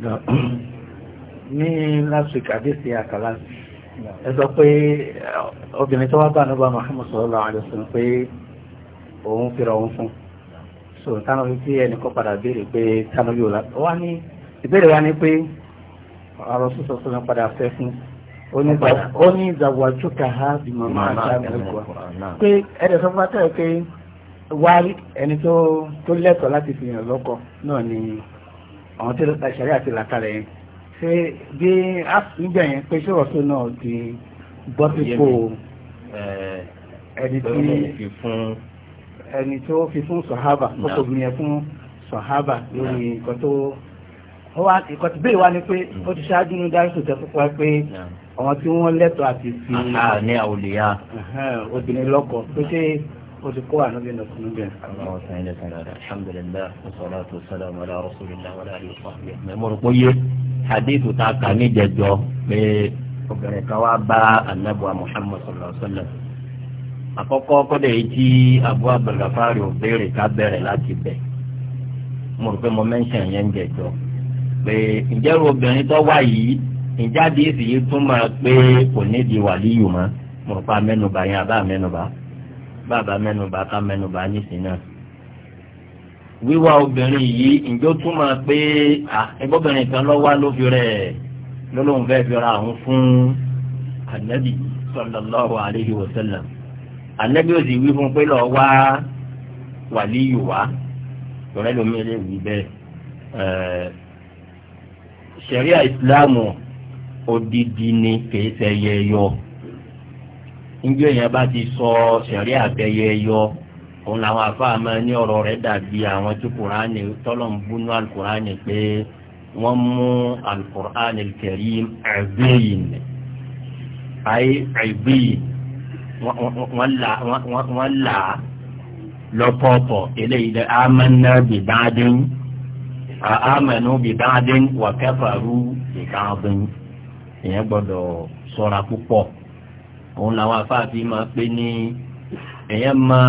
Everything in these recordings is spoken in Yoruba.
ní last week àdísí àkàlá ẹ sọ pé obìnrin tó wá bá nígbà Muhammad sallallahu alaihi wasallam pé òun fira òun fún so tánàbí tí ẹni kọ́ padà béèrè pé tánàbí òun wá ní ìbéèrè wá ní pé ọ̀rọ̀ sọ́sọ́ sọ́nà padà fẹ́ fún ó ní ìzàwàjúkà ha bí màmá àtàkùnkùn pé ẹ̀rẹ̀ sọ fún wa tẹ́lẹ̀ pé wá ni àwọn tí ṣàríà àti làkàlẹ̀ yẹn ṣe bí nígbà yẹn pé ṣé ọ̀ṣun náà ti bọ́ sípò ẹni tí ẹni tó fi fún sọ̀hábà kókò gbìyànjú fún sọ̀hábà lórí nǹkan tó wá ìkọ̀tí bẹ́ẹ̀ wá ní pé mm. ó ti ṣáájú ní dáríṣù tẹ́ fúnpá pé àwọn tí wọ́n lẹ́tọ̀ọ́ àti fi ní àwòlẹ́yà obìnrin lọ́kọ tó ṣe olùkọ́ ànábì nà fún bẹ́ẹ̀. àwọn ọ̀sán ilẹ̀ kan náà alhamdulillah wasalaatu wasalaam ala rasulillah wa alayhi wa sallam. mẹ́mọ́ rẹ̀ kó yé hadithu ta kà ní jẹjọ pé obìnrin kan wá bá anabuwa muhammad sallallahu alayhi wa sallam. àkọ́kọ́ kọ́dẹ̀ yìí tí abu abdulgafari ò béèrè ká bẹ̀rẹ̀ láti bẹ̀. mo rò pé mo mẹ́ńṣẹ̀ yẹn ń jẹjọ pé ìjẹ́rù obìnrin tó wá yìí ìjáde ìsìyí túmọ̀ pé kò nídìí wàlíyù mọ́ mo rò pa mẹ́nuba yẹn àbá mẹ́nuba bàbá mẹ́nubà ká mẹ́nubà nísìnyí náà wíwá obìnrin yìí ǹjọ́ túmọ̀ pé ẹgbọ́bìnrin kan lọ́wọ́ ló fi rẹ̀ lọ́lọ́hún fẹ́ fi ra àwọn fún anabi sallallahu alayhi wa sallam anabi ó sì wí fún pé lọ́ọ́ wá wàlíyù wá lọ́rẹ́ lómi lè wí bẹ́ẹ̀ ṣẹ̀ríà ìsìláàmù odidi ni kèé fẹ́ yọ njẹ́ èèyàn bá ti sọ sẹ̀rí àbẹ̀yẹ yọ òun làwọn afáà máa ní ọ̀rọ̀ rẹ̀ dàbí àwọn tí kùránì tọ́lọ̀mùbúnú alukùránì pé wọ́n mú alukùránì kẹ̀rìm ẹ̀bẹ́yìn ayé ẹ̀bẹ́yìn wọ́n là á lọ́pọ̀pọ̀ eléyìí dẹ́ amẹ́nà bìbáàdín amẹ́nà bìbáàdín wà kẹfàrú bìbáàdín ìyẹn gbọ́dọ̀ sọ̀ra púpọ̀ òun làwọn afáàfin máa pé ní èèyàn mọ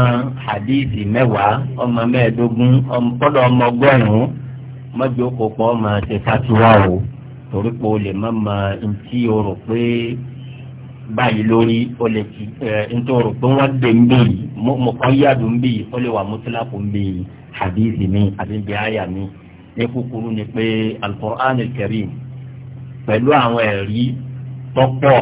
hadithi mẹ́wàá ọmọ mẹ́ẹ̀ẹ́dógún kọ́dọ̀ ọmọ ọgọ́rùn-ún mọ́jọ́ kò ṣe fatiwa o torí pé o lè má mọ ntí o rò pé báyìí lórí o lè ti ẹ ntí o rò pé wọ́n gbé ń bì yìí mo kàn yàdùn ń bì yìí o lè wà mọ́tíláàpù ń bì yìí hadithi mi àti ń bì àyà mi ní kúkúrú ni pé alukur'an kẹrin pẹ̀lú àwọn ẹ̀rí tọ́pọ̀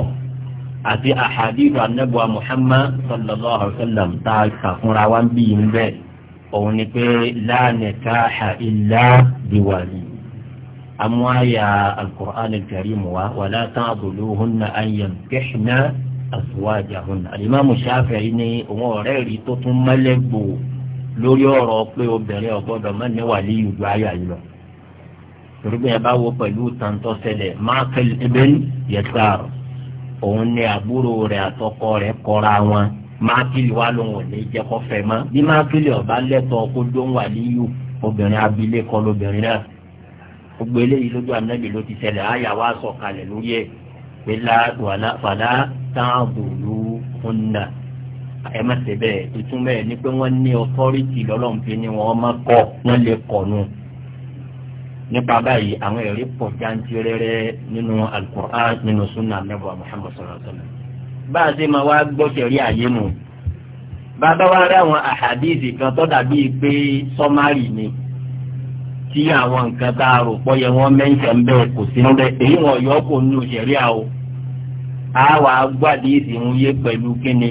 àti àhàdìrò anábùwà muhammad sallallahu alayhi wa sallam tá a kà fúnra wa ń bí yìí ń bẹ̀ òun ni pé la nikaha illa biwali amúhàyà alukur'an karim wa wàlá tán àbùdó hunna ayan kẹ́hìnà àtúwájà hunna alimami shafi'i ni òun ọ̀rẹ́ rí tó tún mẹ́lẹ́gbò lórí ọ̀rọ̀ pé obìnrin ọ̀gbọ́dọ̀ má ní wàlí ìlú ayà lọ. torí bí ẹ bá wo pẹ̀lú tàǹtọ́ sẹlẹ̀ michael ibn òun ní àbúrò rẹ̀ àtọkọ rẹ̀ kọra wọn mákìlì wa ló ń wọlé jẹ́ kó fẹ́ mọ́ bí mákìlì ọ̀bá lẹ́tọ̀ọ́ kó dó ń wà níyù obìnrin abilékọ lobìnrin náà gbogbo eléyìí lójú ànábì ló ti ṣẹlẹ̀ àyà wa sọ̀kalẹ̀ lórí ẹ̀ pé fàlà táàbùrù fúnna ẹ má ṣe bẹ́ẹ̀ ìtumọ̀ ẹ̀ ni pé wọ́n ní ọtọ́rìtì lọ́lọ́mùfín ni má kọ́ wọ́n lè kọ̀ nù nípa báyìí àwọn ẹ̀rí pọ̀ jáńtìrẹrẹ nínú alukur'an nínú sunna nebà muhammad sallallahu alaihi wa sallam bá a ṣe máa wá gbọ́ sẹ̀rí àyè mu bàbá wa rí àwọn àhàdíìsì kan tó dàbí pé sọ́márì ni tí àwọn nǹkan tá a rò pọ̀ yẹ wọ́n mẹ́ńsẹ̀ ń bẹ́ẹ̀ kò sí níbẹ̀ èyí wọn yọ kò nù sẹ̀rí àwọ̀ a wà ń yé pẹ̀lú kíni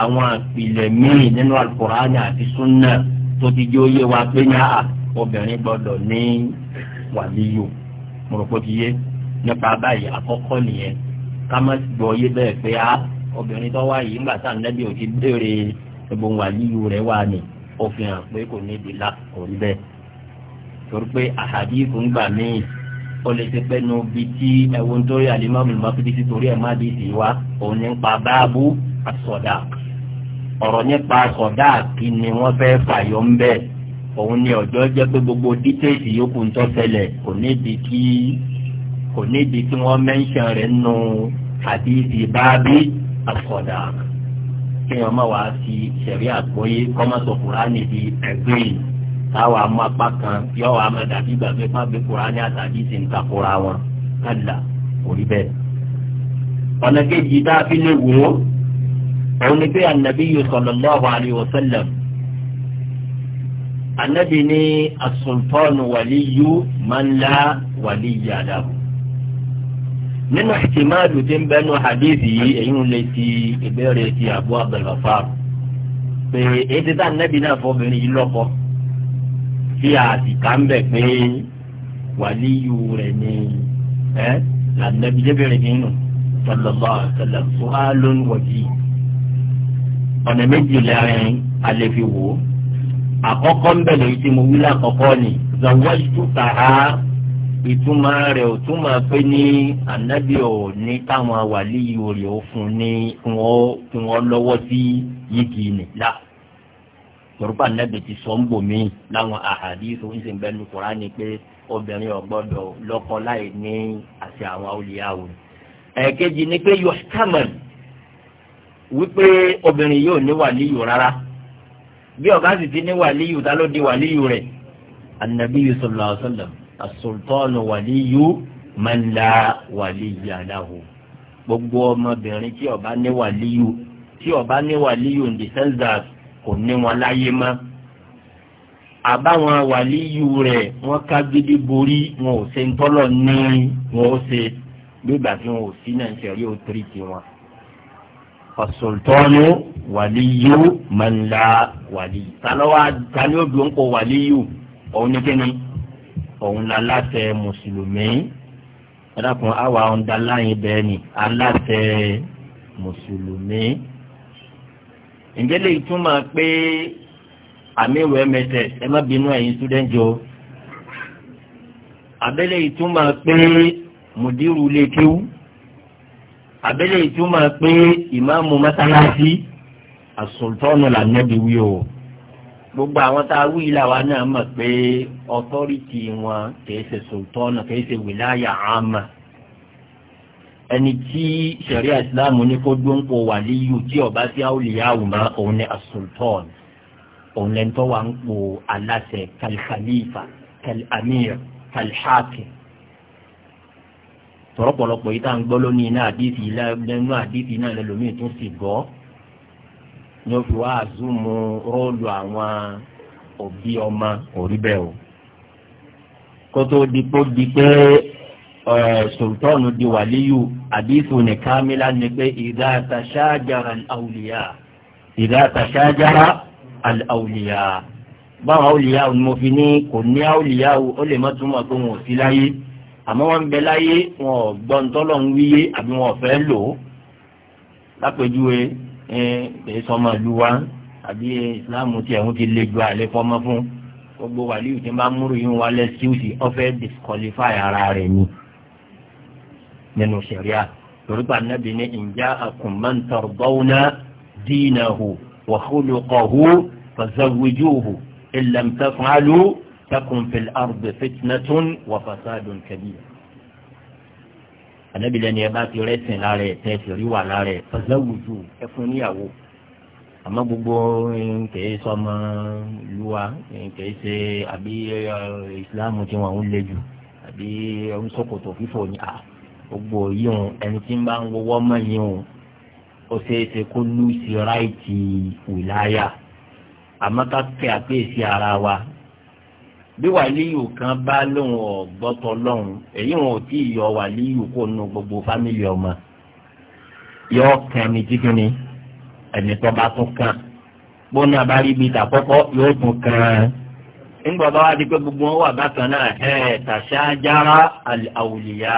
àwọn àpilẹ̀ míì nínú alukur'an àti sunna tó ti jẹ́ òye wa pé ní àà obìnrin gbọ́dọ̀ ní wàlíyò mo rò pé ti yé nípa báyìí àkọ́kọ́ nìyẹn ká má gbọ́ yé bẹ́ẹ̀ pé á ah, obìnrin tó wá yìí ńgbà sáà nẹ́bí ò ti béèrè ẹ̀bùn wàlíyò rẹ̀ wà ní òfin hàn pé kò níbi la kò rí bẹ́ẹ̀ torí pé àhàdí ìfúngbà míì ó lè ti pẹ́nu bí tí ẹ̀wọ̀n torí àlímọ́mù lọ́kìtì ti torí ẹ̀ má di sí wa òun ní pa báàbù àsọ̀dà ọ̀rọ̀ nípa àsọ̀dà kí ni wọ́n fẹ́ fàyọ̀ ń òun ni ọ̀jọ́ jẹ́ pé gbogbo dítẹ́ẹ̀sì yòókù ń tọ́sẹ̀lẹ̀ kò níbi kí kò níbi kí wọ́n mẹ́ńṣán rẹ̀ nù àdìsí báábí àfọ̀dà kí wọ́n má wàá fi ṣẹ̀rí àgbọ́yé kọ́mọ́tò kùránì di ẹgbẹ́ yìí táwọn amú apá kan yọ wàá má dàbí gbàgbé pàgbé kùránì àtàdí sì ń takora wọn kálá kò rí bẹ́ẹ̀. ọ̀nà kejì tá a fi lè wò ó òun ni pé ànàbí yìí sọ̀lọ́lọ́hu àlè wọ́sẹ̀lẹ̀mù anabi ní asultanu waliyu manla waliya lahu nínú ìtìmáàdù tí ń bẹnu hadithi yìí èyí ń lè ti ìbéèrè ti abu abdulgafar pé ètò tá nẹ́bí náà fọbìnrin yìí lọ́kọ́ fi àtìká ń bẹ̀ pé wàlíyù rẹ̀ ni ẹ́ lànàbí débìrin kì í nù sọlọ́lá sọlọ́ fúhálónú wọ̀jì ọ̀nà méjì lẹ́rìn alẹ́ fi àkọ́kọ́ ń bẹ̀rẹ̀ yìí tí mo wí lákọ̀ọ́kọ́ ni zawaitu taha ìtumọ̀ rẹ̀ ò túmọ̀ pé ní ànábì ò ní táwọn wàlí yìí rẹ̀ ó fún ní kí wọ́n lọ́wọ́ sí yìgì nìlá yorùbá ànábì ti sọ ń bò mí láwọn àhàdí tó ń sìn bẹ́ẹ̀ ní kúránì pé obìnrin ò gbọ́dọ̀ láì ní àṣẹ àwọn olùyàwó ẹ̀ẹ́kejì ni pé yorùbá wípé obìnrin yóò ní wàlí rárá bí ọ̀gá sì ti ní wàlíyù ta ló di wàlíyù rẹ̀ anabiyu sallallahu alaihi wasallam asultanu wàlíyù man la wàlíyà lahu gbogbo ọmọbìnrin tí ọba ní wàlíyù tí ọba ní wàlíyù in the sense that kò ní wọn láyé mọ́ àbáwọn wàlíyù rẹ̀ wọ́n ká gidi borí wọn ò ṣe ń tọ́lọ̀ ní wọn ó ṣe gbígbà tí wọn ò sí náà ń ṣe rí o tiri tiwọn. asultanu wàlíyù mọ̀nlá Wali tálọ́wọ́ tani ó dùn kó wàlíyù òun ní kíni òun la láṣẹ mùsùlùmí ẹ̀dàkùn àwa ọ̀ndàláyìn bẹ́ẹ̀ ni aláṣẹ mùsùlùmí. ǹjẹ́ lè túmọ̀ pé àmì ìwé mẹ́tẹ̀ ẹ má bínú ẹ̀yin túdẹ́ǹtì o abẹ́lẹ̀ ìtumọ̀ pé mùdírù lè kéwú abẹ́lẹ̀ ìtumọ̀ pé ìmáàmù mọ́sálásí àsùntọ́nù lànàbí wí o gbogbo àwọn tá a wí làwa náà mọ̀ pé ọtọ́rìtì wọn kìí ṣe sùntọ́nù kìí ṣe wìláyà àmà ẹni tí sẹ̀ríà ìsìláàmù ní kó dóńpọ̀ wà líyù tí ọba sí àwòlíyàwó mọ́ òun ní àsùntọ́nù òun lẹ́ńtọ́ wa ń po aláṣẹ kàlífà kàlámìr kàlíhàkì tọ̀rọ̀pọ̀lọpọ̀ yìí tá à ń gbọ́ lónìí náà àdìsí náà lẹ́nu àdìsí náà lẹ́lòmíì tún sì gbọ́ ni ó fi wá àzúmu róòlù àwọn òbí ọmọ òrí bẹ́ẹ̀ o kótó dikpó di pé sultanu di wàlíyù àdìsù ní kámílà ni pé ìdá tàṣájára àwùlíyà ìdá tàṣájára àwùlíyà báwọn àwùlíyà ni mo fi ní kò ní àwùlíyà ó lè má túmọ̀ pé wọn ò sí láyé àmọ́ wọn bẹ láyé wọn ò gbọ́ ntọ́lọ́ ń wíyé àbí wọn ò fẹ́ lò ó lápèjúwe ẹ sọmọ ìlú wa àbí ìsìláàmù tí ẹ̀hún ti le ju àlẹ́ fọmọ fún gbogbo wàlíù tí ń bá múrù yín wa lẹ́síùsì ọ̀fẹ́ disqualify ara rẹ̀ ni nínú sẹ̀ríà torípa nàbì ní ìjà àkùnmọ́ntàn dínàhù wàhùlùkọ̀hù fàzàwìjúhù ìlàmtàfàlù takùnfẹ̀lárùbẹ̀fẹ̀tìnàtún wàfàsádùn ànábìlẹ̀ ni ẹ bá ti rẹ́sìn lára ẹ̀ tẹ́ ti wà lára ẹ̀ fọláwùjù ẹ níyàwó àmọ́ gbogbo kìí sọmọ ìlú wa kìí ṣe àbí eh, ìsìláàmù tí wọ́n ń le jù àbí ń sọ̀kòtò fífò ní à gbogbo yíyún ẹni tí ń bá ń wọ́wọ́ mọ̀ yíyún ó ṣeé ṣe kó lùsì ráìtì wìláyà àmọ́ ká kẹ́ àpèsè ara wa bí wàlíyù kan bá lóun ọ̀gbọ́tọ̀ lọ́hùn èyí wọn ò tí ì yọ wàlíyù kó nu gbogbo fámìlì ọmọ yọ kàn ní jíkìnní ẹni tó bá tún kàn gbóná bá rí ibi ìtàkọ́kọ́ yóò tún kàn án nígbà bá wá di pé gbogbo wọn wà bákan náà ẹ tàṣájára àwùlíyà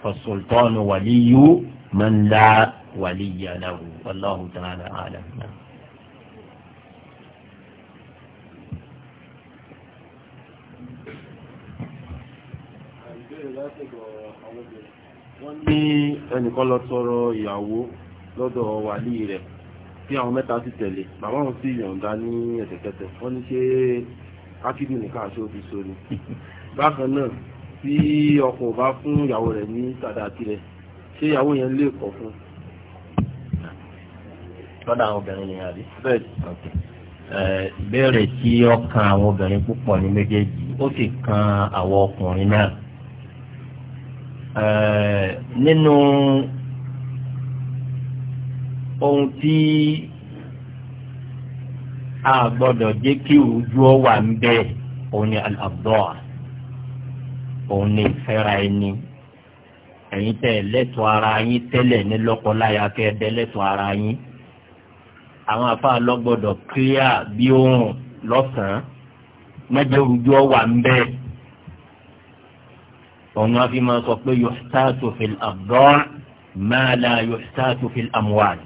fasultanu wàlíyù mọ́ńlá wàlíyà náà wàláhùn tààlà àlàmù náà. wọ́n ní ẹnìkan lọ tọrọ ìyàwó lọ́dọ̀ wàlí rẹ̀ tí àwọn mẹ́ta sì tẹ̀lé bàbá wọn sì yọ̀ǹda ní ẹ̀tẹ̀kẹ̀tẹ̀ wọ́n ní ṣé ákídù nìkan àṣọ òbí sórí bákan náà tí ọkọ bá fún ìyàwó rẹ̀ ní sàdáàkì rẹ̀ ṣé ìyàwó yẹn lè kọ̀ fún. lọ́dọ̀ àwọn obìnrin ni àbí. bẹ́ẹ̀ni ìbéèrè tí ọkàn àwọn obìnrin púpọ̀ ní méjèèjì ó sì kan àwọn ọkùnrin náà. Eh, nínú ohun tí a gbọ́dọ̀ jẹ́ kí ojú ọ wà ń bẹ òun ni al-abdua òun ni ìfẹ́ra ẹni ẹ̀yin tẹ́ lẹ́tọ̀ ara yín tẹ́lẹ̀ ní lọ́kọláya kẹ́ ẹ lẹ́tọ̀ ara yín àwọn afa lọ́gbọ́dọ̀ kílíà bí oòrùn lọ́sàn-án mẹ́jọ ojú ọ wà ń òun náà fi máa sọ pé yòtáàtò fìl àbdọ́n máa la yòtáàtò fìl àmúwàlì.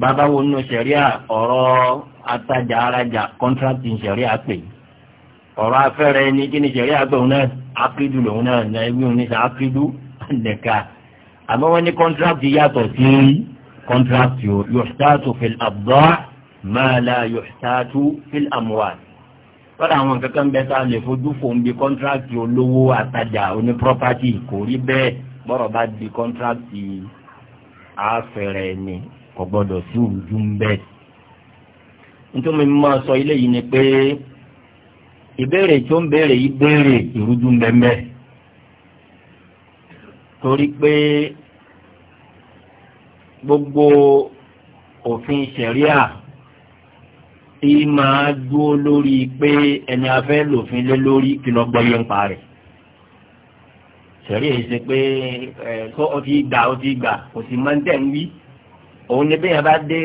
bàbá wo nínú sẹ̀ríà ọ̀rọ̀ atajà arajà kọ́ńtrákì sẹ̀ríà pè ọ̀rọ̀ afẹ́rẹ́ ni kí ni sẹ̀ríà pé òun náà akídu lòun náà ní ẹbí òun ní sẹ́ akídu nìka àmọ́ wọ́n ní kọ́ńtrákì yàtọ̀ sí kọ́ńtrákì yòtáàtò fìl àbdọ́n máa la yòtáàtò fìl àmúwàlì lọ́dọ̀ àwọn kankan bẹ́ẹ̀ tá a lè fojú fò ń bi kọ́ńtrákì olówó àtajà oní pírọ́pátì kò rí bẹ́ẹ̀ bọ́rọ̀ bá di kọ́ńtrákì àfẹ̀rẹ̀ ni kò gbọ́dọ̀ sí òjú ń bẹ́ẹ̀. nítorí mo sọ ilé yìí ni pé ìbéèrè tó ń béèrè yìí béèrè ìrújú ń bẹ́ẹ̀ bẹ́ẹ̀ torí pé gbogbo òfin ṣẹ̀ríà tí máa dúó lórí pé ẹni afẹ́ lòfin lé lórí kìlọ̀ gbọ́yé ń pa rẹ̀ sẹ̀rí èyí ṣe pé kó o ti gbà o ti gbà kò sì máa ń tẹ̀ ń wí òun ni bẹ́ẹ̀ bá dé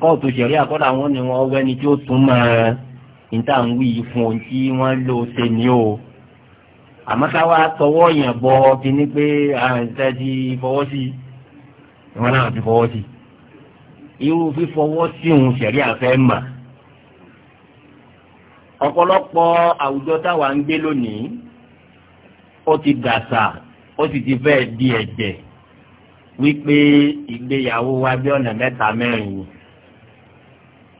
kóòtù sẹ̀rí àkọ́dà wọn ni wọ́n wẹ́ni tí ó tún máa ń tà ń wí fún ohun tí wọ́n lò ṣe ní o àmọ́ ká tọwọ́ yẹn bọ kíní pé àǹtẹ̀ ti fọwọ́ sí i wọn náà ti fọwọ́ sí i irú fífọwọ́ sí òun sẹ̀rí àfẹ́ mà ọ̀pọ̀lọpọ̀ àwùjọ táwa ń gbé lónìí ó ti dàsà ó sì ti fẹ́ di ẹ̀jẹ̀ wípé ìgbéyàwó wa bí ọ̀nà mẹ́ta mẹ́rin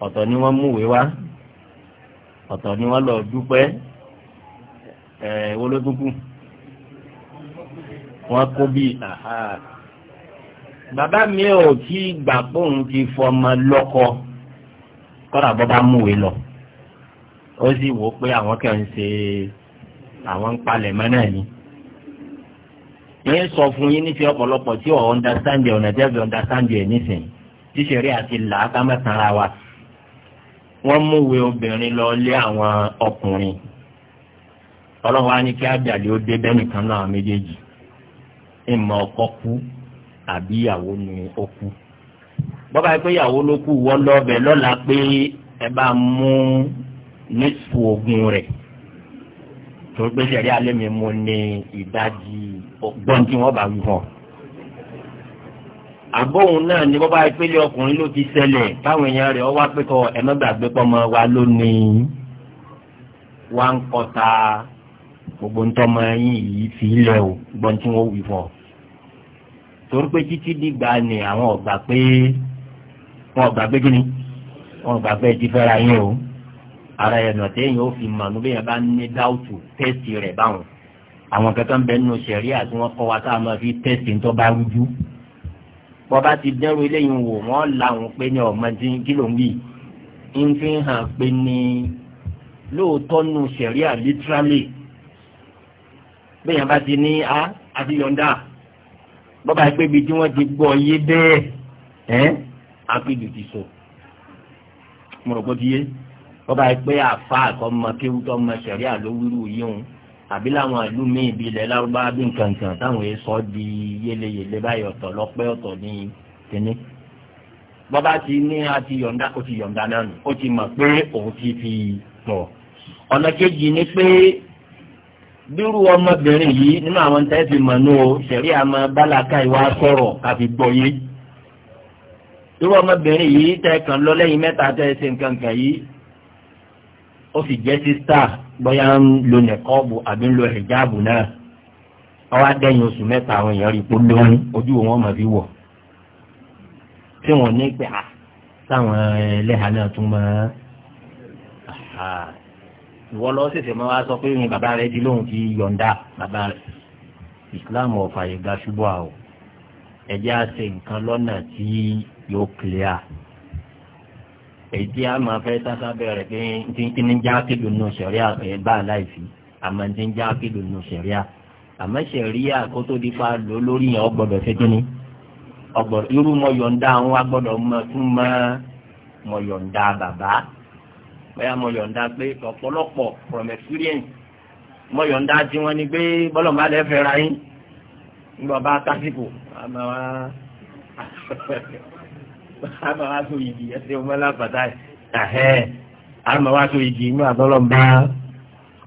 ọ̀tọ̀ ni wọ́n múwèé wá ọ̀tọ̀ ni wọ́n lọ dúpẹ́ ẹ̀ olódúnkù wọ́n kó bí bàbá mi ò tí gbà pé òun ti fọmọ lọ́kọ kọ́ra bọ́ bá múwèé lọ ó sì wò ó pé àwọn kẹ́ ń ṣe àwọn ń palẹ̀ mọ́ náà ni. yẹn sọ fún yín nífi ọ̀pọ̀lọpọ̀ tí ọ̀ understand ẹ̀ ọ̀nà tẹ́bi understand ẹ̀ nísìnyí tíṣẹ̀rí àti là á ká má tanra wa. wọ́n múwe obìnrin lọ lé àwọn ọkùnrin ọlọ́wọ́ á ní kí ábíàlì ó dé bẹ́ẹ̀ nìkan náà méjèèjì ìmọ̀ ọkọ kú àbí ìyàwó ni ó kú bọ́bá yìí ìyàwó ló kù wọ́n lọ́ọ̀bẹ lọ́la pé ẹ bá mú nísù ogun rẹ̀ tó gbé sẹ̀rí alẹ́ mi mo ní ìdajì ọgbọ́n tí wọ́n bá wí hàn. àbóhùn náà ni bọ́bá ìpele ọkùnrin ló ti ṣẹlẹ̀ táwọn èèyàn rẹ̀ ọwọ́ pẹ́kọ̀ ẹ̀mẹ́gbàgbé pọ́mọ wa lónìí wá ń kọta gbogbo ntọ́mọ yín yìí fi ilẹ̀ o gbọ́n tí wọ́n wí hàn. torí pé títí dìgbà ni àwọn ọ̀gbà pé wọ́n ọ̀gbà pé kí ni wọ́n ọ̀gbà pé ti fẹ́ra yín o ara ẹ̀nà téèyàn ó fi mọ̀ níbi yẹn bá ní dáùtù tẹ́sì rẹ̀ báwọn àwọn kankan bẹ nínú sẹ̀rí àti wọn kọ́ wa tá a máa fi tẹ́sì tó bá rújú wọ́n bá ti dẹ́rù eléyìí wò wọ́n làwọn pé ní ọmọ kí ló ń wí ń fi hàn pé ní lóòótọ́ nù sẹ̀rí àlítrálì bẹ́ẹ̀ bá ti ní a àti yọ̀ǹda bọ́ba pé ibi tí wọ́n ti gbọ́ yé bẹ́ẹ̀ ẹ́ àpèjù ti sọ mo rò pé ti yé ọba ìpè àfa àkọ́mọ kéwú tọ́mọ sẹ̀rí àlówírú yíhun àbí làwọn àlú mi ìbí ilẹ̀ lárúbá bí nkankan táwọn èso di yéleyèlé báyìí ọ̀tọ̀ lọ́pẹ́ ọ̀tọ̀ ní kínní bọ́bá ti ní àti yọ̀ǹda ó ti yọ̀ǹda náà nù ó ti mọ̀ pé òun ti fi tọ̀ ọ̀nà kejì ni pé bírú ọmọbìnrin yìí nínú àwọn tẹ́ fi mọ̀ nù o sẹ̀rí àmọ́ bálàkà ìwà sọ̀rọ̀ káfi gbọ́ yé irú ọmọbìnrin yìí tẹ́ kàn lọ lẹ́yìn mẹ́ta tẹ́ ṣe nǹkan yìí ó sì jẹ́ sísá bóyá ń lo nìkọ́ọ̀bù àbí ń lo hijabu náà ọwọ́ adẹ́yìn oṣù mẹ́ta àwọn èèyàn rí i pé lóyún ojú wọn mọ̀ fi wọ̀ tí wọ́n ní pé à táwọn ẹlẹ́hà náà tún mọ́ ìwọ lọ ṣẹ̀ṣẹ̀ máa wá sọ pé ní bàbá rẹ di lóhùn ti yọ̀ǹda bàbá rẹ ìsìláàmù ọ̀fà yìí gba ṣubú àwọ̀ ẹ̀jẹ̀ àṣẹ nǹkan lọ́nà tí yóò clear èyí tí a máa fẹ́ sáfá bẹ̀rẹ̀ pé tí ń já kílù nù sẹ̀ríà bá láìsí àmọ́ tí ń já kílù nù sẹ̀ríà àmọ́ sẹ̀ríà kó tó di pa lò lórí yẹn ọgbọ́dọ̀ ṣe kí ni ọgbọ́dọ̀ irú mọ yọ̀ǹda àwọn agbọ́dọ̀ tún mọ mọ yọ̀ǹda bàbá bóyá mọ yọ̀ǹda pé ọ̀pọ̀lọpọ̀ from experience mọ yọ̀ǹda tí wọ́n ní pé bọ́lọ̀ fẹ́ ra yín ń bá tásìkò àmọ́ àmọ́ wá tó igi ẹsẹ̀ ọmọ alábàtà ẹ̀hẹ́ àmọ́ wá tó igi inú àtọ́lọ́ bá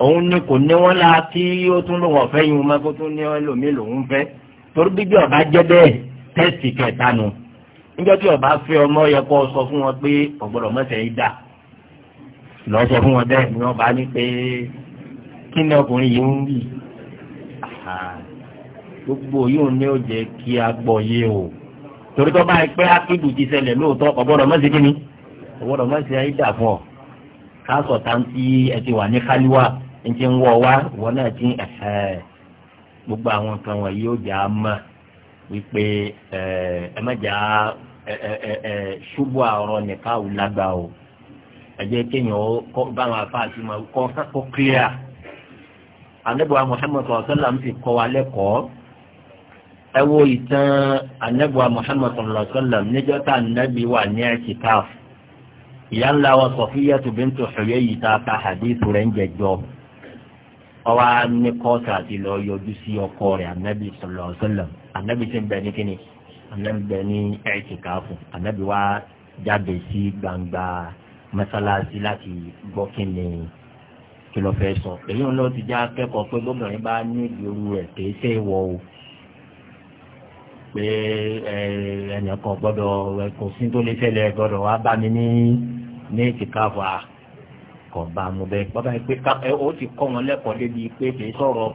òun ní kò ní wọn la kí ó tún lòun ọ̀fẹ́ yìí wọn kó tún ní ẹlòmíì lòun fẹ́ torí bíbí ọba jẹ́ bẹ́ẹ̀ tẹ́sì kẹta nu níjọ́ tí ọba fẹ́ ọmọ yẹ kó sọ fún wọn pé ọ̀gbọ́dọ̀ mọ́sẹ̀ yìí dà lọ sọ fún wọn bẹ́ẹ̀ ni wọ́n bá ní pé kí ni ọkùnrin yìí ń wí gbogbo yóò ní ó jẹ́ kí a gbọ́ yé o torí tó báyìí pé ákídù ti ṣẹlẹ̀ lóòótọ́ ọ̀gbọ́dọ̀ mọ́sí kí ni ọ̀gbọ́dọ̀ mọ́sí ayé dà fún ọ káàsọ̀ tá ti ẹ ti wà ní káliwa ẹ ti ń wọ wá ìwọ náà ti ẹ̀ẹ́ gbogbo àwọn nǹkan wọ̀nyí ó jà á mọ̀ wípé ẹ má jà á ṣubú àrọ nìka ò lágbà o ẹ jẹ́ kéèyàn ó báwọn afáàtì máa kọ́ kó kílíà anábìwá Muhammad sallam ti kọ́ wa lẹ́kọ̀ọ́ ẹ wo ìtàn anabiwa muhammad sallallahu alaihi wa sallam níjọ́ tá anabi wà ní ẹ̀kítáf ìyá ńlá wa sọfíyà tó bíntu Huyay yìí tá a ka hadith rẹ̀ ń jẹjọ́ ọwọ́ ní kọ́ọ̀tù àti lọ yọjú sí ọkọ rẹ̀ anabi sallallahu alaihi wa sallam anabi ti ń bẹ ní kíni anabi bẹ ní ẹ̀kítáf anabi wa jáde sí gbangba mọ́sálásí láti gbọ́ kí ni fẹ́ sọ èyí ń lọ ti já akẹ́kọ̀ọ́ pé gómìnà bá ní ìlú rẹ̀ kì í ṣe o. pé ẹnìkan gbọ́dọ̀ kò sí tó lè fẹ́lẹ̀ gbọ́dọ̀ wá bá mi ní ní ìtìkáfà bá mu bẹ́ẹ̀ pé ó ti kọ́ wọn lẹ́kọ̀ọ́ débi pé kì í sọ̀rọ̀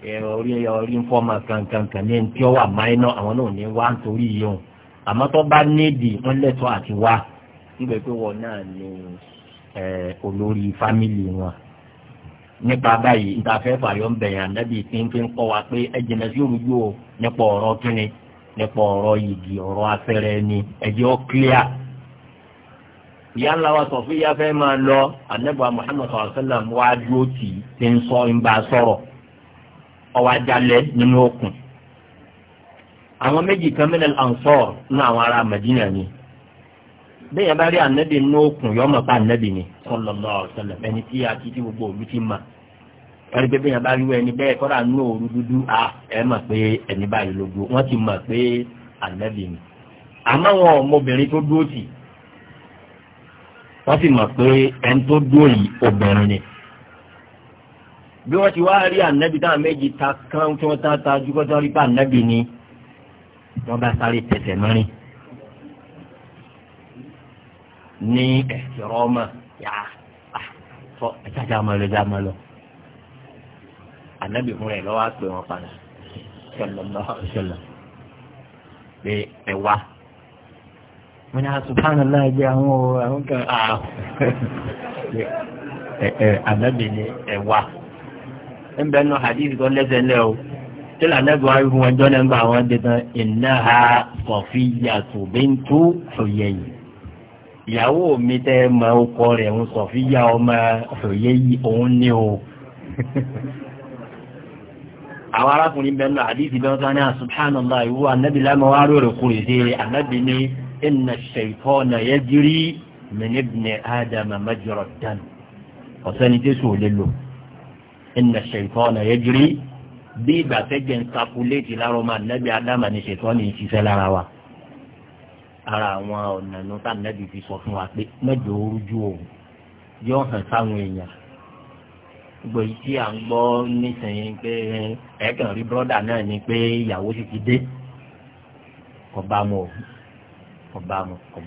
pé orí orí ń fọ́ọ̀mà kankankan ní tí ó wà àwọn náà ní wá nítorí yìí nípa báyìí níta fẹ́ fàyọ̀ ń bẹ̀yàn ànábì tí ń fi ń kọ́ wa pé ẹ jìnà sí òrùjú o nípa ọ̀rọ̀ kíni nípa ọ̀rọ̀ yìgì ọ̀rọ̀ afẹ́rẹ́ ni ẹ̀jẹ̀ ó clear. ìyá ńlá wa sọ fún ìyá máa lọ ànábì Muhammad sallallahu alaihi wasallam wá dúró tì í ti ń sọ ń bá a sọ̀rọ̀ ọwọ́ ajalẹ̀ nínú òkun. àwọn méjì kan min al ni bẹ́ẹ̀ bá rí ànábì nínú òkun yọ ọmọ bá ànábì ni sallallahu alaihi wasallam ẹni tí a ti ti gbogbo òlu ti mà ẹni pé bẹ́ẹ̀ bá rí wọ ẹni bẹ́ẹ̀ kọ́ra nínú òru dúdú a ẹ mọ̀ pé ẹni báyìí ló dúró wọ́n ti mọ̀ pé ànábì ni àmọ́ wọn ọmọbìnrin tó dúró tì wọ́n sì mọ̀ pé ẹni tó dúró yìí obìnrin ni bí wọ́n ti wá rí ànábì táwọn méjì ta kán tí wọ́n ta ta jùkọ́ tó rí pa ànábì ni wọ́n bá sáré tẹ̀sẹ̀ mọ́rin ní ẹ̀sìrọ́ ọmọ yá fọ ẹ̀jájá máa lọ já máa lọ. ànábì fúnra ẹ̀ lọ́wọ́ á pè wọ́n padà sọlọ́lọ́ sọlọ́ pé ẹ wá. mo ní asùpánà ah, náà jẹ́ àwọn àwọn kan ah. ànábì ní ẹ wá. ń bẹ́ẹ̀ nù hadith kan lẹ́sẹ̀ ńlẹ̀ o tẹ́lẹ̀ anẹ́gbọ̀n arúgbó wọn jọ́nà ń bá àwọn dẹ̀tàn ìnáha sọ̀fíyà tó bẹ́ńtú ìyàwó mi tẹ́ mọ ọkọ rẹ̀ ń sọ fi yá ọmọ òye yìí òun ní o àwọn arákùnrin bẹ̀rẹ̀ náà àdíjì bẹ́ẹ̀ tó ní àṣùbhánàlá ìwú annabi lámọ́wá rọrọ̀ kúrò sí annabi ní iná ṣẹ̀tọ́ na yẹ jírí mẹ́nibìnrin adama mẹ́jọrọ̀ dán ọ̀sẹ́ni tí sùn lè lò iná ṣẹ̀tọ́ na yẹ jírí bí ìgbà fẹ́jẹ̀ ń sakuléètì lárọ́ mọ́ annabi adama ní ṣẹ̀tọ́ ní ìṣiṣẹ́ lára wa ara àwọn ọ̀nà inú tá nàbì fi sọ fún wa pé mẹ́jọ orújú òun yóò hàn sáwọn èèyàn gbogbo yìí tí à ń gbọ́ nísìnyí pé ẹ̀ẹ́kàn rí bọ́dà náà ni pé ìyàwó sì ti dé kò bá mu o kò bá mu kò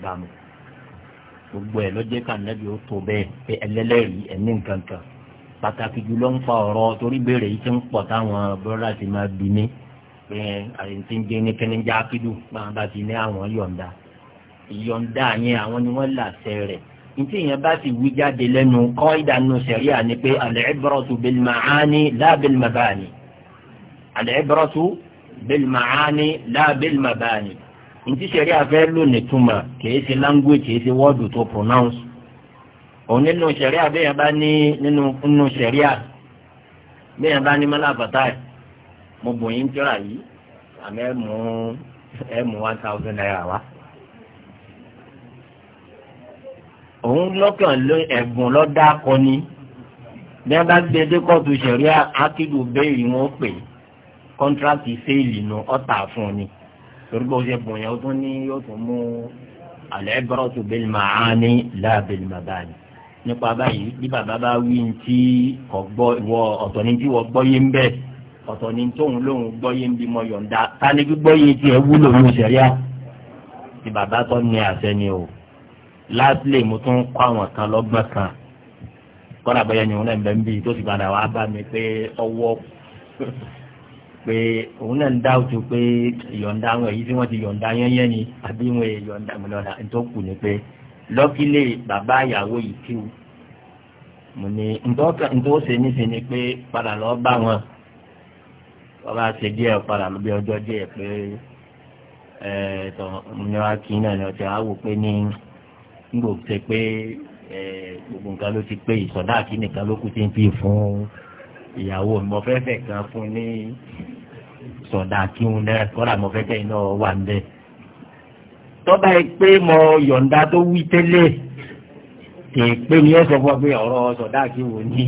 gbogbo ẹ̀ lọ́jẹ́ ká ó tó bẹ́ẹ̀ pé ẹlẹ́lẹ́rìí ẹ̀mí nǹkan kan pàtàkì jùlọ ń fa ọ̀rọ̀ torí béèrè yìí ti ń pọ̀ táwọn bọ́dà ti máa bì mí pé àyè ti ń gé ní kẹ́ni já kídù máa ti ní àwọn yọ̀ǹda ìyọ̀ǹda yẹn àwọn ni wọ́n làṣẹ rẹ̀ ntí yẹn bá ti wí jáde lẹ́nu kọ́ ìdánù sẹ̀ríà ni pé al-ibratu bil ma'ani la bil mabani al sẹ̀ríà fẹ́ lò túmọ̀ kìí ṣe language kìí ṣe wọ́ọ̀dù tó pronounce òun nínú sẹ̀ríà bẹ́ẹ̀ bá ní nínú nínú sẹ̀ríà bẹ́ẹ̀ bá ní mọ́lá mo bò yín jọ́ra yìí àmẹ́ mú ẹ̀ mú one thousand naira wá. òun lọ́kàn ló ẹ̀gbọ́n lọ́dá kọ́ni bí wọ́n bá gbé dé kóòtù sẹ̀ríà ákìlù béèrè wọn pè kọ́ńtrákì séèlì nu ọ̀tà fún ni torí bó ṣe bùn yẹn ó tún ní yóò tún mú alẹ́ bọ́rọ̀ tó bẹ́ẹ̀ máa ní láàbẹ̀lì màbá ni nípa báyìí bí bàbá bá wí ní tí ọ̀tọ̀ ní tí wọ́n gbọ́yé ń bẹ̀ ọ̀tọ̀ ní tóun lóun gbọ́yé ń bímọ yọ̀ǹda ta ni gbígbọ́yé tiẹ̀ wúlò ní sẹ̀ríà ti bàbá tó ní àṣẹ ni o lastly mo tún kọ́ àwọn kan lọ́gbọ́n kan kọ́lá bẹ́yẹ ni òun náà bẹ́ẹ̀ ń bí tó sì padà wá bá mi pé ọwọ́ pé òun náà ń dá òtún pé ìyọ̀ǹda àwọn èyí tí wọ́n ti yọ̀ǹda yẹ́nyẹ́ ni àbí wọn ìyọ̀ǹda mọ̀lọ́dà tó kù ni pé lọ́kílẹ̀ bàbá ìyàwó yìí kí o mo ní ntọ́ ṣe níṣẹ́ ni pé padà lọ bá wọn ọba ṣe díẹ̀ padà lọ bí ọjọ́ díẹ̀ pé ẹ̀ẹ́dọ̀ mo ní wá kí náà ni ọ̀tẹ̀ á pé ní nígbà tó ṣe pé gbogbo nǹkan ló ti pé ìsọ̀dá àti ló kù ti fi fún ìyàwó mo fẹ́ kan fún ní sọ̀dá kíhun náà kọ́ra mo fẹ́ kẹ́yìn náà wà ń tọ́ba yìí pé mo yọ̀ǹda tó wí tẹ́lẹ̀ kì í pé mi ẹ̀ sọ fún ọ pé ọ̀rọ̀ sọ̀dá kíhun ní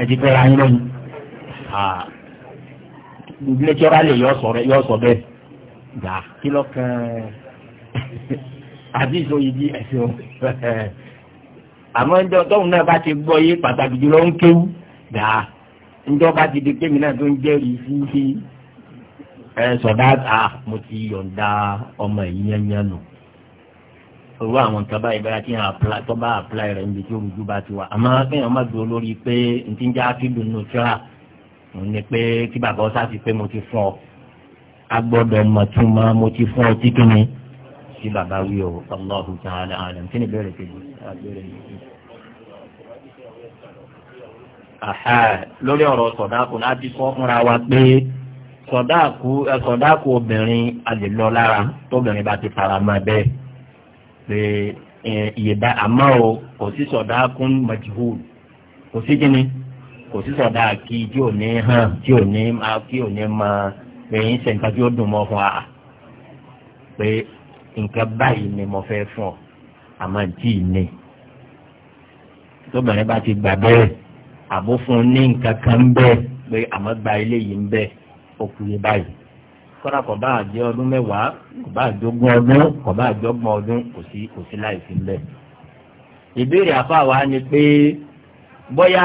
ẹ̀dí fẹ́ ra yín lọ́yìn nẹ́tírọ́lì yọ sọ bẹ́ẹ̀ gbà kí lọ́kàn àbí ìsòyìgì ẹ̀sìn o àmọ́ ǹjọ́ tóun náà bá ti gbọ́ yé pàtàkì jùlọ ń kéwú dáa ǹjọ́ bá ti di kémi náà tó ń jẹ́rìí sí sí ẹ sọ̀dá à mo ti yọ̀ǹda ọmọ ìyẹnyẹn nù owó àwọn nǹkan báyìí báyà kí hàn apply tó bá apply rẹ̀ níbi tí olùjú bá ti wà àmọ́ kéèyàn má dúró lórí pé ntí ń já kíndùn nù tíra òun ni pé kí bàbá ọ ti pé mo ti fún ọ agbọ́dọ̀ mọ̀tún mọ́ mo ti fún ọ tí kìíní tí bàbá wí o Allahu ta'ala alam kí ni bẹ̀rẹ̀ kejì abẹ́rẹ́ yìí. lórí ọ̀rọ̀ sọ̀dáàkù láti sọ fúnra wa pé sọ̀dáàkù sọ̀dáàkù obìnrin a lè lọ lára tóbìnrin bá ti fara mọ́ bẹ́ẹ̀ pé ìyèbá àmọ́ o kò sí sọ̀dáàkù majhul kò sí kíni kò sí sọ̀dáàkì tí ò ní hàn tí ò ní máa tí ò ní máa pé ń ṣe nǹkan tí ó dùn mọ́ fún wa pé nǹkan báyìí ni mo fẹ́ fún ọ àmọ́ tí ì ní tóbìnrin bá ti gbà bẹ́ẹ̀ àbó fún ní nǹkan kan bẹ́ẹ̀ pé àmọ́ gba eléyìí ń bẹ́ẹ̀ ó kú yé báyìí kọ́dà kò bá àjẹ́ ọdún mẹ́wàá kò bá àjọgbọ́n ọdún kò bá àjọgbọ́n ọdún kò sí kò sí láì bẹ́ẹ̀. ìbéèrè àfàwà ni pé bóyá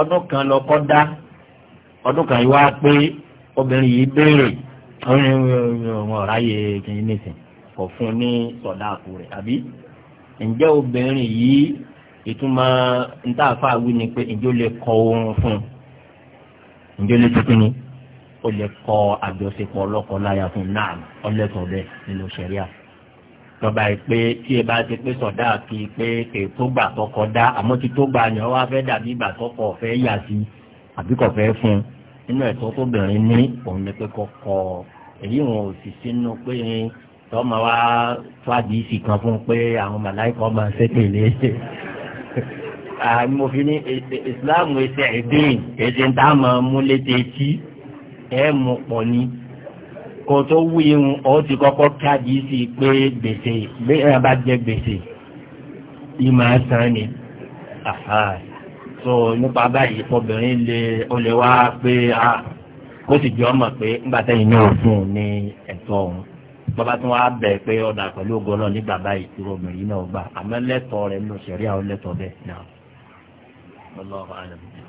ọdún kan lọkọ dá ọdún kan yìí wá pé obìnrin yìí béèrè ọ̀rọ̀ kìíní nìsín kò fún ní sọ̀dáàkù rẹ̀ àbí ǹjẹ́ obìnrin yìí ìtumọ̀ ntàfà wí ni pé ǹjẹ́ ó lè kọ oorun fún un ǹjẹ́ ó lè tuntun ni ó lè kọ àjọṣepọ̀ ọlọ́kọ láya fún un náà ọlẹ́tọ̀ bẹ́ẹ̀ nínú sẹ̀ríà lọ́ba yìí pé tí ẹ bá ti pé sọ̀dá kí pé kè tó gbà tọkọ dá àmọ́ tí tó gbà yàn wá fẹ́ dàbí ìgbà tọkọ fẹ́ yà sí àbí kò fẹ́ fún un nínú ẹ̀tọ́ tóbìnrin ní òun ni pé kọ́ èyí wọn ò sì sínú pé tọ́mọ wa fàdí sì kan fún pé àwọn màláìkọ́ máa ṣe tèlé àmì òfin ní ìsìláàmù e, e, ẹsẹ̀ ẹ̀dín ẹ̀dín tá a máa mú létí etí ẹ̀ mú pọ̀ ni kò tó wú irun ọ́ ti kọ́kọ́ káàdì sí pé gbèsè bí ẹ̀ bá jẹ gbèsè yìí máa san ni so nípa báyìí obìnrin lè ó lè wá pé ó sì jọ ọmọ pé ńgbà tẹ́yìn náà fún un ní ẹ̀tọ́ òun bàbá tí wọ́n á bẹ̀ pé ọ̀dà pẹ̀lú ogun náà ní bàbá ìṣirò obìnrin náà gbà àmọ́ lẹ́tọ̀ọ́ rẹ̀ nínú sẹ̀ríà ó lẹ́tọ̀ọ́ náà.